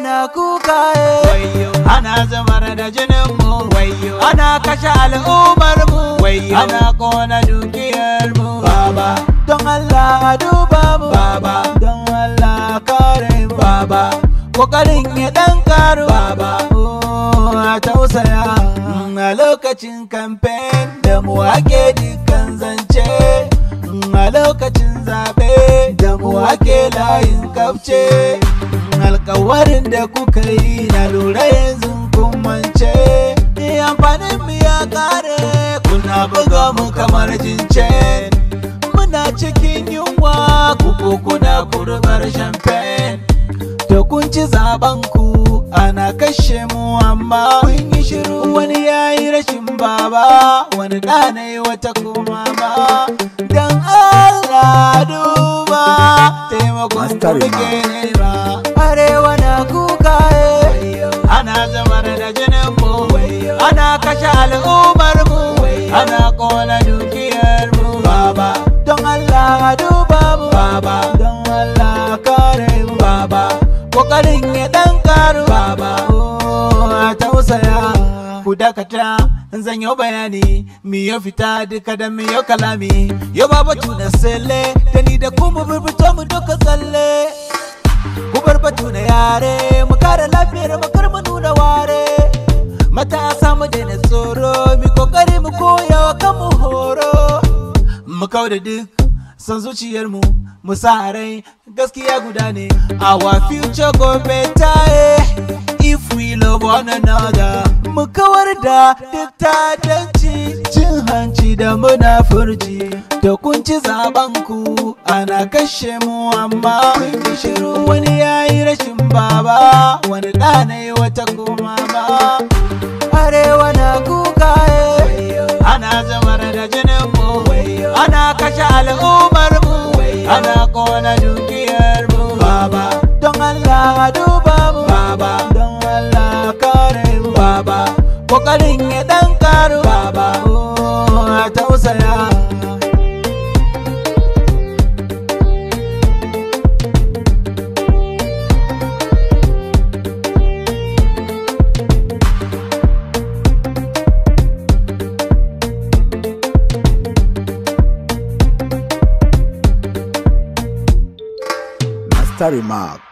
na kuka eh. ana zubar da jinin mu ana kashe al'ummar mu ana kona dukiyar mu baba don Allah a duba mu baba don Allah kare mu baba kokarin ya dan karu baba a tausaya mm, a lokacin kamfen da mu ake dukkan zance mm, a lokacin zabe da mu ake layin kafce alkawarin da kuka yi na lura yanzu kun mance amfanin mu ya kare kuna buga mu kamar jince muna cikin yunwa kuku kuna kurbar champagne da kun ci zaben ku ana kashe mu amma kun yi shiru wani ya yi rashin baba wani na yi wata kuma ba don Allah duba taimakon da muke da jinin ana kashe al'ummar ana kona dukiyar mu baba don Allah duba mu baba don Allah kare mu baba kokarin ya dan karu baba oh, a tausaya ku dakata zan yi bayani mi ya fita duka da mi ya kalami yau babu tunan sele da da kuma burbuta horo mu kau da duk san zuciyar mu sa rai gaskiya guda ne our future go better eh, if we love one another mu kawar da duk tadanci cin hanci da munafurci da kunci zaben ku ana kashe mu amma kun shiru wani yayi rashin baba na dukiyar mu baba don Allah duba mu baba don Allah kare mu baba kokarin ya dan karu baba Tarimab.